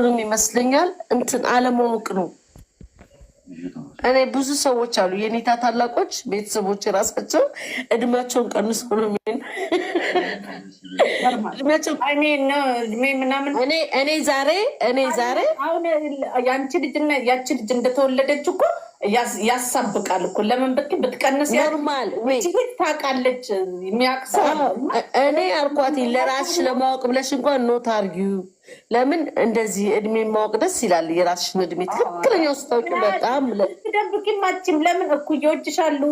ችግርም ይመስለኛል እንትን አለማወቅ ነው። እኔ ብዙ ሰዎች አሉ የኔታ ታላቆች ቤተሰቦች የራሳቸው እድሜያቸውን ቀንሶ ነው ምናምን እኔ ዛሬ እኔ ዛሬ አሁን ያንቺ ልጅ ያቺ ልጅ እንደተወለደች እኮ ያሳብቃል እኮ ለምን ብቅ ብትቀንስ ኖርማል ታውቃለች። የሚያቅሰ እኔ አልኳት ለራስሽ ለማወቅ ብለሽ እንኳን ኖት አርጊው ለምን እንደዚህ እድሜ ማወቅ ደስ ይላል። የራስሽን እድሜ ትክክለኛ ስታውቂ በጣም ደብቂማችም ለምን እኩዮችሽ አሉ።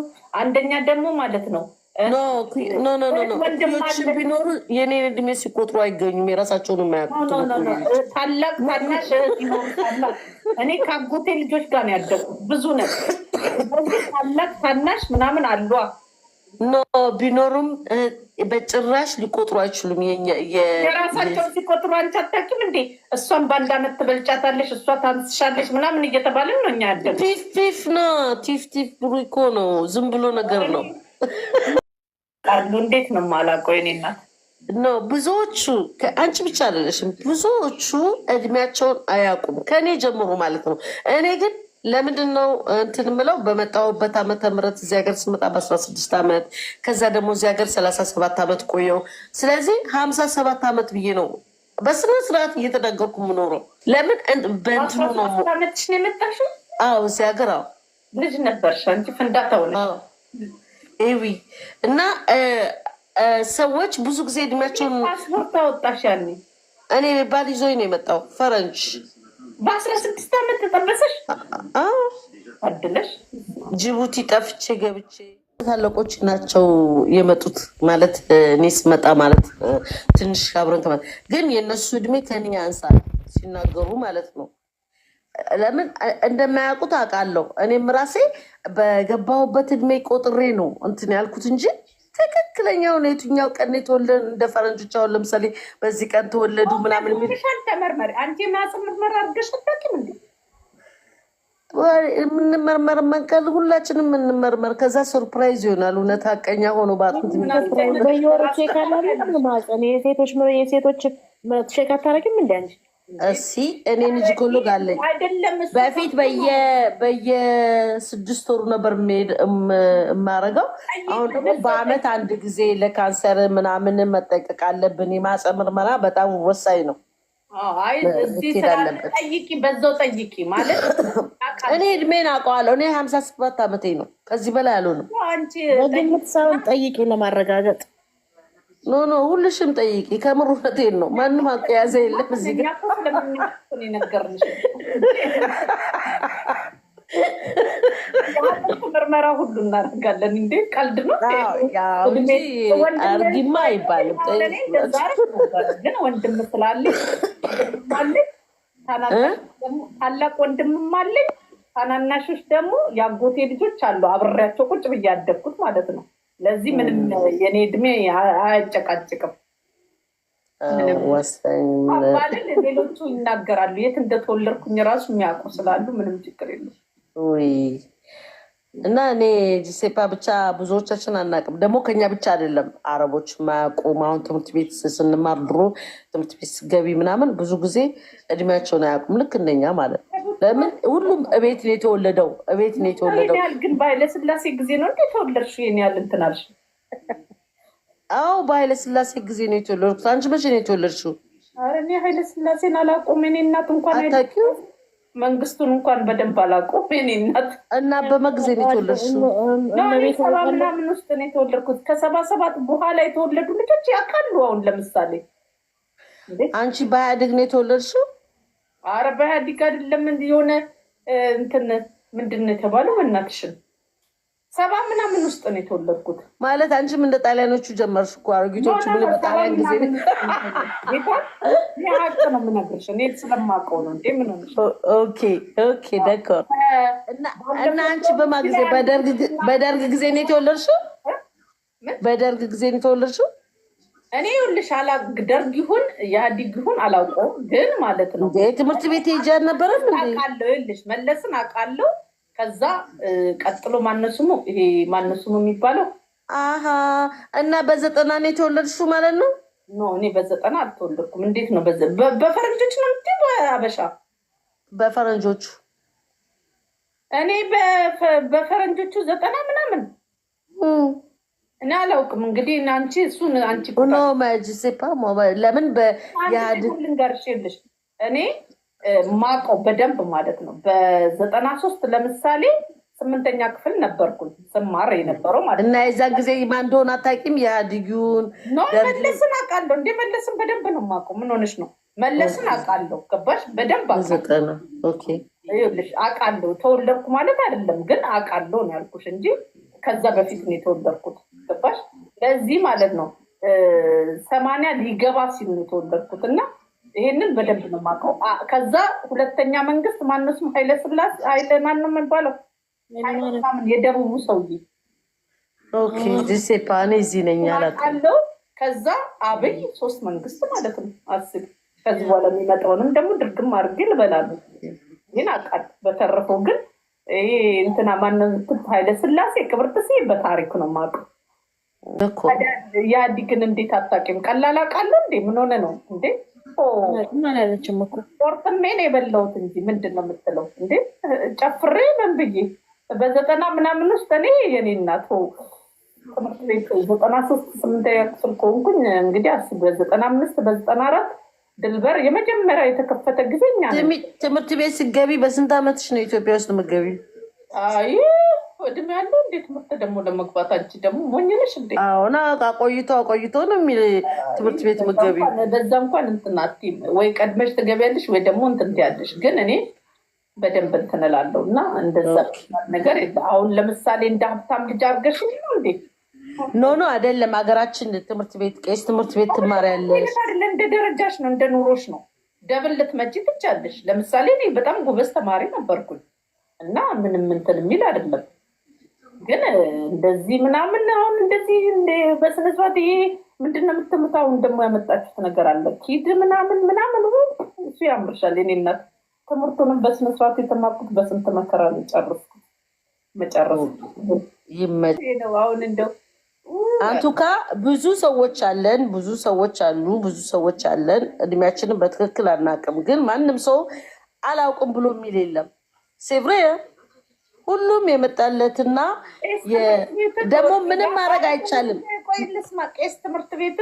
አንደኛ ደግሞ ማለት ነው እኩዮችሽን ቢኖሩ የኔን እድሜ ሲቆጥሩ አይገኙም። የራሳቸውን የማያውቁት ታላቅ ታናሽ እኔ ከአጎቴ ልጆች ጋር ያደጉ ብዙ ነበር ታላቅ ታናሽ ምናምን አሏ ኖ ቢኖሩም በጭራሽ ሊቆጥሩ አይችሉም። የራሳቸውን ሲቆጥሩ አንቺ አታውቂም እንዴ? እሷን በአንድ አመት ትበልጫታለሽ፣ እሷ ታንስሻለሽ ምናምን እየተባልን ነው እኛ ያለ ቲፍ ቲፍ ነው። ቲፍ ቲፍ ብሩ እኮ ነው። ዝም ብሎ ነገር ነው። ቃሉ እንዴት ነው የማላውቀው የእኔ እናት ነው። ብዙዎቹ አንቺ ብቻ አይደለሽም። ብዙዎቹ እድሜያቸውን አያውቁም ከእኔ ጀምሮ ማለት ነው። እኔ ግን ለምንድን ነው እንትን ምለው በመጣሁበት ዓመተ ምህረት እዚህ ሀገር ስመጣ በአስራ ስድስት ዓመት ከዛ ደግሞ እዚህ ሀገር ሰላሳ ሰባት ዓመት ቆየው። ስለዚህ ሀምሳ ሰባት ዓመት ብዬ ነው በስነ ስርዓት እየተናገርኩ የምኖረው። ለምን በእንትኑ ነው የመጣሽው? አዎ እዚህ ሀገር አዎ ልጅ ነበርሽ አንቺ ፍንዳታው ኤዊ እና ሰዎች ብዙ ጊዜ እድሜያቸውን ፓስፖርት አወጣሽ ያኔ እኔ ባል ይዞኝ ነው የመጣው ፈረንጅ በአስራ ስድስት ዓመት ተጠበሰሽ አድለሽ ጅቡቲ ጠፍቼ ገብቼ ታለቆች ናቸው የመጡት ማለት እኔ ስመጣ ማለት ትንሽ አብረን ከማለት ግን የእነሱ እድሜ ከኔ ያንሳል ሲናገሩ ማለት ነው። ለምን እንደማያውቁት አውቃለሁ። እኔም ራሴ በገባሁበት እድሜ ቆጥሬ ነው እንትን ያልኩት እንጂ ትክክል ትክክለኛውን የትኛው ቀን የተወለ እንደ ፈረንጆች አሁን ለምሳሌ በዚህ ቀን ተወለዱ ምናምን የሚልሻል። ተመርመሪ። አንቺ የማህፀን ምርመራ አድርገሽ አታውቂም እንዴ? የምንመርመር መንቀል ሁላችንም የምንመርመር፣ ከዛ ሰርፕራይዝ ይሆናል። እውነት ሀቀኛ ሆኖ ባጡት በየወሮች ካላለ ማፀን የሴቶች ቼክ አታረግም እንዲ አንቺ እሲ እኔ ልጅ ኮሎ ጋለኝ በፊት በየስድስት ወሩ ነበር የማረገው። አሁን ደግሞ በአመት አንድ ጊዜ ለካንሰር ምናምን መጠቀቅ አለብን። የማፀ ምርመራ በጣም ወሳኝ ነው። በዛው ጠይቂ ማለት እኔ እድሜን አውቀዋለሁ። እኔ ሀምሳ ሰባት አመቴ ነው። ከዚህ በላይ አልሆንም። ግምት ሰውን ጠይቂ ለማረጋገጥ ኖ ኖ ሁልሽም ጠይቂ። ከምር እውነቴን ነው። ማንም አቀያዘ የለም እዚህ ጋር ምርመራ ሁሉ እናደርጋለን። እንዴ ቀልድ ነው እንጂ አርጊማ አይባልም። ግን ወንድም ስላለኝ ታላቅ ወንድምም አለኝ። ታናናሾች ደግሞ የአጎቴ ልጆች አሉ። አብሬያቸው ቁጭ ብዬ ያደግኩት ማለት ነው ለዚህ ምንም የኔ እድሜ አያጨቃጭቅም። ወሰኝባልን ሌሎቹ ይናገራሉ። የት እንደተወለድኩኝ ራሱ የሚያውቁ ስላሉ ምንም ችግር የለም። እና እኔ ጂሴፓ ብቻ ብዙዎቻችን አናውቅም። ደግሞ ከኛ ብቻ አይደለም አረቦች ማያውቁም። አሁን ትምህርት ቤት ስንማር ድሮ ትምህርት ቤት ስገቢ ምናምን ብዙ ጊዜ እድሜያቸውን አያውቁም። ልክ እንደኛ ማለት ነው። ለምን ሁሉም እቤት ነው የተወለደው። እቤት ነው የተወለደው። ግን በኃይለስላሴ ጊዜ ነው እንደ ተወለድሽው ይሄን ያህል እንትን አልሽ? አዎ በኃይለስላሴ ጊዜ ነው የተወለድኩት። አንቺ መቼ ነው የተወለድሽው? ኧረ እኔ ኃይለስላሴን አላውቀውም። እኔ እናት እንኳን አታውቂውም? መንግስቱን እንኳን በደንብ አላውቀውም። እኔ እናት እና በመ ጊዜ ነው የተወለድሽው? ሰባ ምናምን ውስጥ ነው የተወለድኩት። ከሰባ ሰባት በኋላ የተወለዱ ልጆች ያውቃሉ። አሁን ለምሳሌ አንቺ በኢህአዴግ ነው የተወለድሽው? ኧረ በኢህአዴግ አይደለም የሆነ እንትን ምንድን ነው የተባለው? በእናትሽን ሰባ ምናምን ውስጥ ነው የተወለድኩት። ማለት አንቺም እንደ ጣሊያኖቹ ጀመርሽ እኮ አሮጊቶቹ ምን በጣሊያን ጊዜ ሀቅ ነው የምነግርሽ እኔ ስለማውቀው ነው። እንዴ ምን ኦኬ ኦኬ ደኮር እና አንቺ በማ ጊዜ በደርግ ጊዜ ነው የተወለድሽው? በደርግ ጊዜ ነው የተወለድሽው? እኔ ይኸውልሽ ደርግ ይሁን ኢህአዲግ ይሁን አላውቀውም፣ ግን ማለት ነው ትምህርት ቤት ሄጄ አልነበረም። አውቃለሁ ይኸውልሽ መለስን አውቃለሁ። ከዛ ቀጥሎ ማነሱሙ ይሄ ማነሱሙ የሚባለው አሀ እና በዘጠና ነው የተወለድሽው ማለት ነው? ኖ እኔ በዘጠና አልተወለድኩም። እንዴት ነው በፈረንጆች ነው ምት አበሻ በፈረንጆቹ እኔ በፈረንጆቹ ዘጠና ምናምን እኔ አላውቅም። እንግዲህ አንቺ እሱን አንቺ ለምን ልንገርሽልሽ፣ እኔ ማውቀው በደንብ ማለት ነው። በዘጠና ሶስት ለምሳሌ ስምንተኛ ክፍል ነበርኩኝ ስማር የነበረው ማለት እና የዛን ጊዜ ማን እንደሆነ አታውቂም? የኢህአዴጊውን መለስን አውቃለሁ። እንደ መለስን በደንብ ነው የማውቀው። ምን ሆነሽ ነው? መለስን አውቃለሁ። ገባሽ? በደንብ አውቃለሁ። ተወለድኩ ማለት አይደለም ግን አውቃለሁ ነው ያልኩሽ እንጂ ከዛ በፊት ነው የተወለድኩት። ገባሽ? ለዚህ ማለት ነው ሰማንያ ሊገባ ሲል ነው የተወለድኩት እና ይሄንን በደንብ ነው የማውቀው። ከዛ ሁለተኛ መንግስት ማነሱም ኃይለ ስላሴ ኃይለ ማን ነው የሚባለው የደቡቡ ሰውዬ ፓኔ እዚህ ነኝ አለው። ከዛ አብይ ሶስት መንግስት ማለት ነው አስብ። ከዚህ በኋላ የሚመጣውንም ደግሞ ድርግም አድርጌ ልበላሉ። ይህን አውቃለሁ። በተረፈው ግን ይህ እንትና ማነ ኃይለ ስላሴ ክብርት ሲ በታሪክ ነው የማውቀው። የአዲግን እንዴት አታውቂም? ቀላል አውቃለሁ እንዴ? ምን ሆነ ነው እንዴ? አላለችም እኮ ቆርጥሜ ነው የበላሁት እንጂ ምንድን ነው የምትለው እንዴ? ጨፍሬ ምን ብዬ በዘጠና ምናምን ውስጥ እኔ የኔ እናት ትምህርት ቤት ዘጠና ሶስት ስምንት ክፍል ከሆንኩኝ እንግዲህ አስቡ፣ በዘጠና አምስት በዘጠና አራት ድልበር የመጀመሪያ የተከፈተ ጊዜ እኛ ትምህርት ቤት ስገቢ በስንት ዓመትሽ ነው ኢትዮጵያ ውስጥ ምገቢ? አይ እድሜ ያለው ትምህርት ደግሞ ለመግባት አንቺ ደግሞ ሞኝ ነሽ እንዴ? አሁን ቆይቶ ቆይቶ ነው የሚል ትምህርት ቤት በዛ እንኳን እንትን አትይም ወይ ቀድመሽ ትገቢያለሽ ወይ ደግሞ እንትን ትያለሽ። ግን እኔ በደንብ እንትን እላለሁ እና እንደዛ ነገር አሁን ለምሳሌ እንደ ሀብታም ልጅ አድርገሽ ነው እንዴ? ኖ ኖ አይደለም። ሀገራችን ትምህርት ቤት ቄስ ትምህርት ቤት ትማሪያለሽ እንደ ደረጃሽ ነው እንደ ኑሮሽ ነው። ደብል ልትመጪ ትቻለሽ። ለምሳሌ እኔ በጣም ጎበዝ ተማሪ ነበርኩኝ እና ምንም እንትን የሚል አይደለም ግን እንደዚህ ምናምን አሁን እንደዚህ በስነ ስርዓት ይሄ ምንድን ነው የምትምት? አሁን ደግሞ ያመጣችሁት ነገር አለ ኪድ ምናምን ምናምን እሱ ያምርሻል። የኔ እናት ትምህርቱንም በስነ ስርዓት የተማርኩት በስንት መከራ ነው ጨረስኩት። መጨረሱ ይመነው አሁን እንደው አንቱካ ብዙ ሰዎች አለን፣ ብዙ ሰዎች አሉ፣ ብዙ ሰዎች አለን። እድሜያችንን በትክክል አናውቅም፣ ግን ማንም ሰው አላውቅም ብሎ የሚል የለም ሴብሬ ሁሉም የመጣለትና ደግሞ ምንም ማድረግ አይቻልም። ልስማ። ቄስ ትምህርት ቤት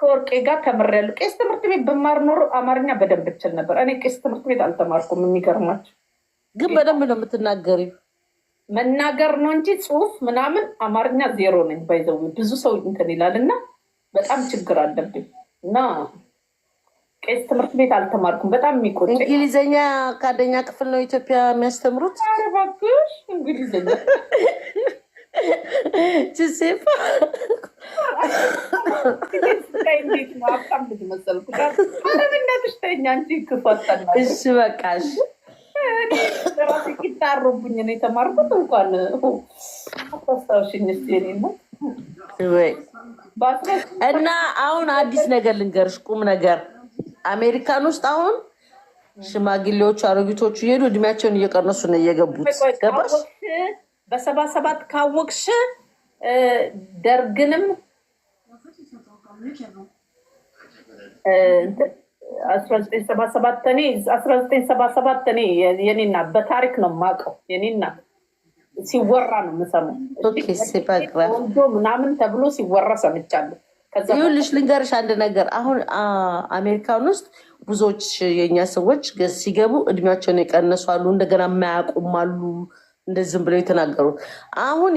ከወርቄ ጋር ተምሬያለሁ። ቄስ ትምህርት ቤት ብማር ኖሮ አማርኛ በደንብ እችል ነበር። እኔ ቄስ ትምህርት ቤት አልተማርኩም። የሚገርማችሁ ግን በደንብ ነው የምትናገሪው። መናገር ነው እንጂ ጽሁፍ ምናምን አማርኛ ዜሮ ነኝ። ባይዘው ብዙ ሰው እንትን ይላል እና በጣም ችግር አለብኝ እና ቄስ ትምህርት ቤት አልተማርኩም። በጣም የሚቆጭ እንግሊዝኛ ከአንደኛ ክፍል ነው ኢትዮጵያ የሚያስተምሩት። አረባሽ እንግሊዝኛ ጅሴፋ እሺ በቃ ራሴ ቂጣ አሮብኝ ነው የተማርኩት። እንኳን አታስታውሽኝ እና አሁን አዲስ ነገር ልንገርሽ ቁም ነገር አሜሪካን ውስጥ አሁን ሽማግሌዎቹ አሮጊቶቹ እየሄዱ እድሜያቸውን እየቀነሱ ነው እየገቡት። ገባሽ? በሰባ ሰባት ካወቅሽ ደርግንም አስራ በታሪክ ነው የማውቀው። የኔና ሲወራ ነው የምሰማው፣ ምናምን ተብሎ ሲወራ ሰምቻለሁ። ይኸውልሽ ልንገርሽ አንድ ነገር። አሁን አሜሪካን ውስጥ ብዙዎች የእኛ ሰዎች ሲገቡ እድሜያቸውን የቀነሱ አሉ፣ እንደገና የማያውቁም አሉ። እንደዚህም ብለው የተናገሩት አሁን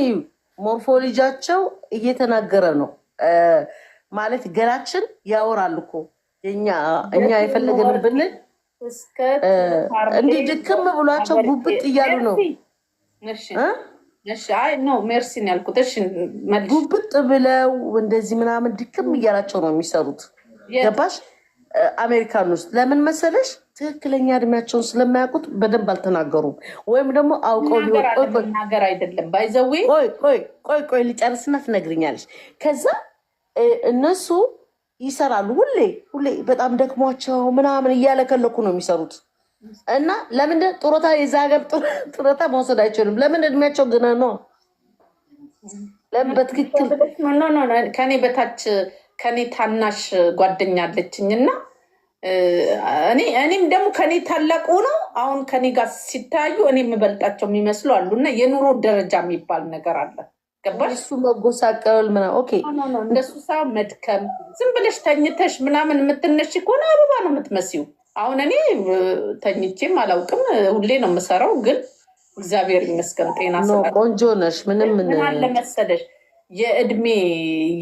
ሞርፎሎጂያቸው እየተናገረ ነው ማለት ገላችን ያወራል እኮ እኛ የፈለገን ብንል እንዲህ ድክም ብሏቸው ጉብጥ እያሉ ነው። ጉብጥ ብለው እንደዚህ ምናምን ድክም እያላቸው ነው የሚሰሩት። ገባሽ? አሜሪካን ውስጥ ለምን መሰለሽ፣ ትክክለኛ እድሜያቸውን ስለማያውቁት በደንብ አልተናገሩም። ወይም ደግሞ አውቀው ሊወጡናገር ቆይ ቆይ ቆይ ትነግርኛለች። ከዛ እነሱ ይሰራሉ ሁሌ ሁሌ በጣም ደክሟቸው ምናምን እያለከለኩ ነው የሚሰሩት። እና ለምን ጡረታ የዛ ሀገር ጡረታ መውሰድ አይችሉም? ለምን እድሜያቸው ግና ነው። ለምን በትክክል ከኔ በታች ከኔ ታናሽ ጓደኛ አለችኝ እና እኔም ደግሞ ከኔ ታላቁ ነው። አሁን ከኔ ጋር ሲታዩ እኔ የምበልጣቸው የሚመስሉ አሉ። እና የኑሮ ደረጃ የሚባል ነገር አለ። ገባሽ? እሱ መጎሳቀል ምና ኦኬ፣ እንደሱ ሳ መድከም፣ ዝም ብለሽ ተኝተሽ ምናምን የምትነሽ ከሆነ አበባ ነው የምትመሲው። አሁን እኔ ተኝቼም አላውቅም። ሁሌ ነው የምሰራው፣ ግን እግዚአብሔር ይመስገን ጤና ቆንጆ ነሽ። ምንም ለመሰለሽ የእድሜ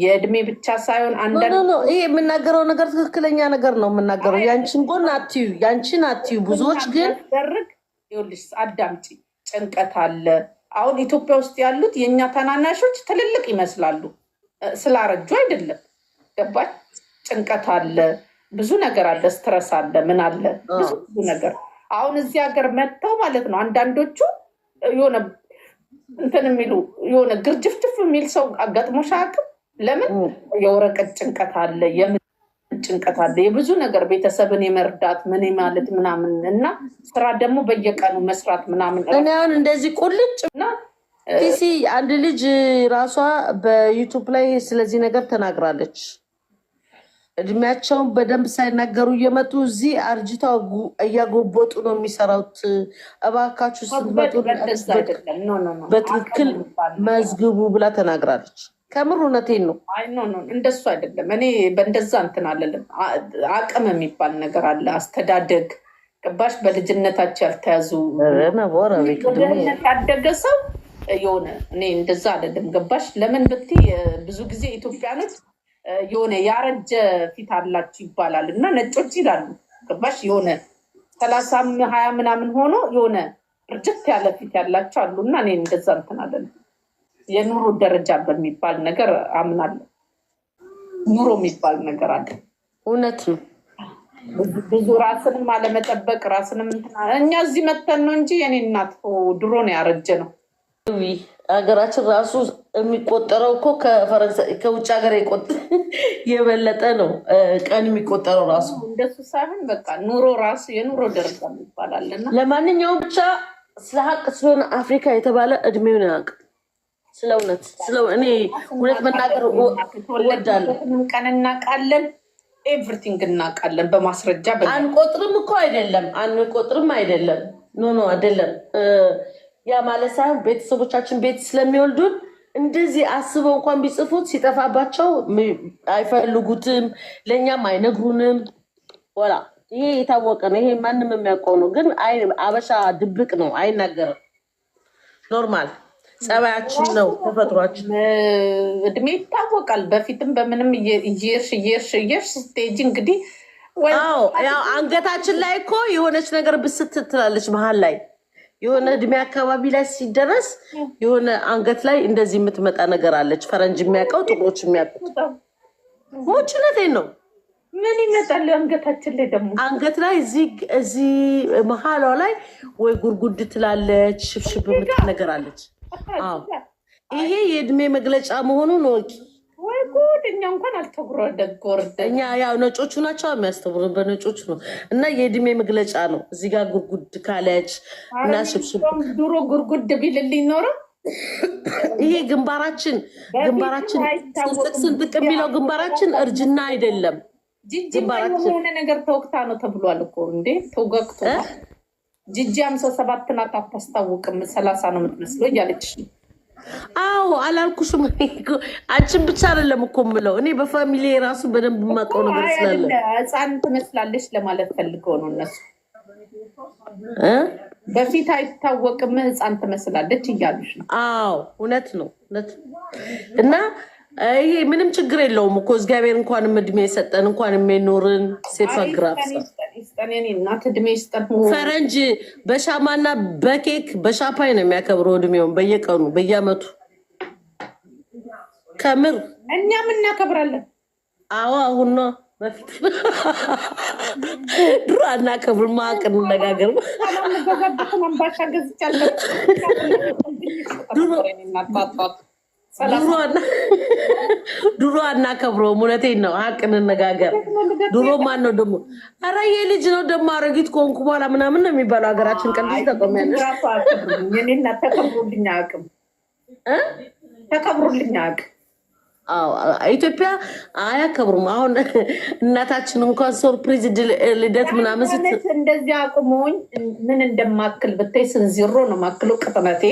የእድሜ ብቻ ሳይሆን አንዳንድ ይሄ የምናገረው ነገር ትክክለኛ ነገር ነው የምናገረው። ያንቺን ጎን አትዩ፣ ያንቺን አትዩ። ብዙዎች ግን ደርግ ይኸውልሽ፣ አዳምጪ፣ ጭንቀት አለ። አሁን ኢትዮጵያ ውስጥ ያሉት የእኛ ተናናሾች ትልልቅ ይመስላሉ፣ ስላረጁ አይደለም። ገባች? ጭንቀት አለ ብዙ ነገር አለ፣ ስትረስ አለ፣ ምን አለ ብዙ ብዙ ነገር። አሁን እዚህ ሀገር መጥተው ማለት ነው አንዳንዶቹ የሆነ እንትን የሚሉ የሆነ ግርጅፍትፍ የሚል ሰው አጋጥሞሽ አያውቅም? ለምን የወረቀት ጭንቀት አለ፣ የምን ጭንቀት አለ፣ የብዙ ነገር ቤተሰብን የመርዳት ምን ማለት ምናምን እና ስራ ደግሞ በየቀኑ መስራት ምናምን። እኔ አሁን እንደዚህ ቁልጭ እና አንድ ልጅ ራሷ በዩቱብ ላይ ስለዚህ ነገር ተናግራለች። እድሜያቸውን በደንብ ሳይናገሩ እየመጡ እዚህ አርጅተው እያጎበጡ ነው የሚሰራውት። እባካችሁ ስትመጡ በትክክል መዝግቡ ብላ ተናግራለች። ከምር እውነቴን ነው። እንደሱ አይደለም። እኔ በእንደዛ እንትን አለልም። አቅም የሚባል ነገር አለ። አስተዳደግ ገባሽ? በልጅነታቸው ያልተያዙ ያደገ ሰው የሆነ እኔ እንደዛ አይደለም። ገባሽ? ለምን ብትይ ብዙ ጊዜ ኢትዮጵያ ነት። የሆነ ያረጀ ፊት አላችሁ ይባላል እና ነጮች ይላሉ ግባሽ የሆነ ሰላሳ ሀያ ምናምን ሆኖ የሆነ እርጅት ያለ ፊት ያላቸው አሉ እና እኔ እንደዛ እንትን አለን የኑሮ ደረጃ በሚባል ነገር አምናለሁ። ኑሮ የሚባል ነገር አለ። እውነት ነው። ብዙ ራስንም አለመጠበቅ ራስንም እኛ እዚህ መተን ነው እንጂ የኔ እናት ድሮ ነው ያረጀ ነው። ሀገራችን ራሱ የሚቆጠረው እኮ ከውጭ ሀገር የበለጠ ነው ቀን የሚቆጠረው ራሱ። እንደሱ ሳይሆን በቃ ኑሮ ራሱ የኑሮ ደረጃ ይባላል። ለማንኛውም ብቻ ስለ ሀቅ ስለሆነ አፍሪካ የተባለ እድሜውን ያቅ ስለ እውነት ስለ እኔ እውነት መናገር እወዳለሁ። ቀን እናቃለን፣ ኤቭሪቲንግ እናቃለን በማስረጃ አንቆጥርም እኮ አይደለም፣ አንቆጥርም አይደለም። ኖ ኖ አይደለም ያ ማለት ሳይሆን ቤተሰቦቻችን ቤት ስለሚወልዱን እንደዚህ አስበው እንኳን ቢጽፉት ሲጠፋባቸው አይፈልጉትም፣ ለእኛም አይነግሩንም። ወላ ይሄ የታወቀ ነው። ይሄ ማንም የሚያውቀው ነው። ግን አበሻ ድብቅ ነው፣ አይናገርም። ኖርማል ጸባያችን ነው፣ ተፈጥሯችን። እድሜ ይታወቃል። በፊትም በምንም እየርሽ እየርሽ እየርሽ ስቴጅ እንግዲህ አንገታችን ላይ እኮ የሆነች ነገር ብስት ትላለች መሀል ላይ የሆነ እድሜ አካባቢ ላይ ሲደረስ የሆነ አንገት ላይ እንደዚህ የምትመጣ ነገር አለች። ፈረንጅ የሚያውቀው ጥቁሮች የሚያውቁት ሞችነቴን ነው። ምን ይመጣል? አንገታችን ላይ ደግሞ አንገት ላይ እዚህ መሀሏ ላይ ወይ ጉርጉድ ትላለች፣ ሽብሽብ የምትል ነገር አለች። ይሄ የእድሜ መግለጫ መሆኑን ወቂ። ወይ ጉድ! እኛ እንኳን አልተጉረደጎርደ እኛ ያው ነጮቹ ናቸው የሚያስተጉሩን በነጮቹ ነው። እና የእድሜ መግለጫ ነው። እዚህ ጋር ጉርጉድ ካለች እና ድሮ ጉርጉድ ቢልልኝ ኖረ ይሄ ግንባራችን ግንባራችን ስንጥቅ ስንጥቅ የሚለው ግንባራችን እርጅና አይደለም። ጅጅሆነ ነገር ተወቅታ ነው ተብሏል እኮ እንዴ! ተወጋግቶ ጅጂ ሃምሳ ሰባት ናት አታስታውቅም፣ ሰላሳ ነው የምትመስለው እያለች አዎ አላልኩሽም። አንቺን ብቻ አይደለም እኮ የምለው እኔ በፋሚሊ የራሱ በደንብ የማውቀው ነገር ስላለ ህፃን ትመስላለች ለማለት ፈልገው ነው እነሱ በፊት አይታወቅም ህፃን ትመስላለች እያሉሽ ነው። አዎ እውነት ነው እውነት እና ይሄ ምንም ችግር የለውም እኮ እግዚአብሔር እንኳንም እድሜ የሰጠን እንኳን የሚኖርን ሴፋ ግራፍ ፈረንጅ በሻማና በኬክ በሻፓይ ነው የሚያከብረው እድሜውን በየቀኑ በየአመቱ ከምር እኛም እናከብራለን። አዎ አሁን ነው በፊት ድሮ አናከብር ማቅ እንነጋገር ባሻ ገዝቻለሁ ድሮ አናከብረውም። እውነቴን ነው። ሀቅ እንነጋገር። ድሮ ማን ነው ደግሞ? ኧረ ይሄ ልጅ ነው ደግሞ አረጊት ከሆንኩ በኋላ ምናምን ነው የሚባለው። ሀገራችን ቀልድ ተቆሚያለሽ። ተከብሮልኝ ኢትዮጵያ አያከብሩም። አሁን እናታችን እንኳን ሶርፕሪዝ ልደት ምናምን እንደዚህ አቁሞኝ ምን እንደማክል ብታይ ስንዚሮ ነው ማክሎ ቅጥነቴ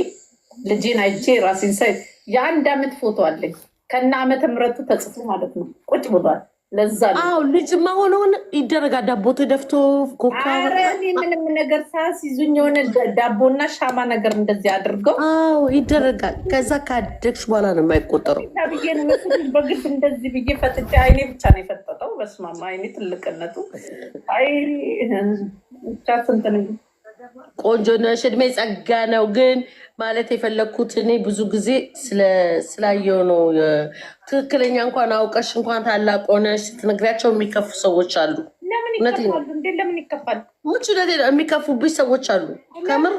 ልጄን አይቼ ራሴን ሳይ የአንድ አመት ፎቶ አለኝ ከነ አመተ ምረቱ ተጽፎ ማለት ነው። ቁጭ ብሏል። ለዛ ነው አዎ፣ ልጅ መሆኑን ይደረጋል። ዳቦ ተደፍቶ ኮካ ምንም ነገር ሳያስይዙኝ የሆነ ዳቦና ሻማ ነገር እንደዚህ አድርገው አዎ፣ ይደረጋል። ከዛ ካደግሽ በኋላ ነው የማይቆጠረው ብዬ ምስል በግድ እንደዚህ ብዬ ፈጥቼ አይኔ ብቻ ነው የፈጠጠው። በስመ አብ አይኔ ትልቅነቱ አይ ብቻ ስንትን ቆንጆ ነሽ፣ እድሜ ጸጋ ነው ግን ማለት የፈለግኩት እኔ ብዙ ጊዜ ስላየው ነው። ትክክለኛ እንኳን አውቀሽ እንኳን ታላቅ ሆነሽ ስትነግሪያቸው የሚከፉ ሰዎች አሉ። የሚከፉብሽ ሰዎች አሉ። ከምር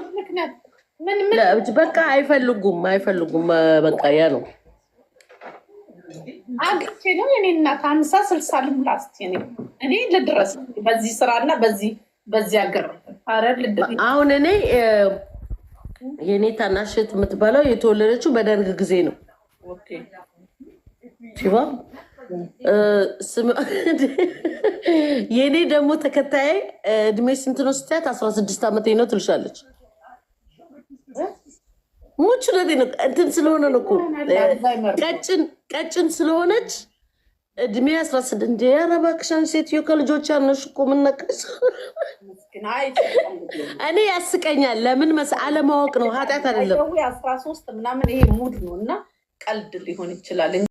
በቃ አይፈልጉም፣ አይፈልጉም። በቃ ያ ነው አግቼ ነው እኔ እናት አምሳ ስልሳ ልሙላስት እኔ ልድረስ በዚህ ስራና በዚህ በዚህ አገር አሁን እኔ የእኔ ታናሽት የምትባለው የተወለደችው በደርግ ጊዜ ነው። የእኔ ደግሞ ተከታይ እድሜ ስንት ነው ስትያት አስራ ስድስት ዓመቴ ነው ትልሻለች። ሙቹ ነው እንትን ስለሆነ ነው ቀጭን ቀጭን ስለሆነች እድሜ አስራ ስድስት እንዴ! ኧረ እባክሽ አንቺ ሴትዮ ከልጆች ያነሽ እኮ ምን ነቀሽ? እኔ ያስቀኛል። ለምን መስ አለማወቅ ነው፣ ኃጢአት አይደለም። አስራ ሶስት ምናምን ይሄ ሙድ ነው እና ቀልድ ሊሆን ይችላል።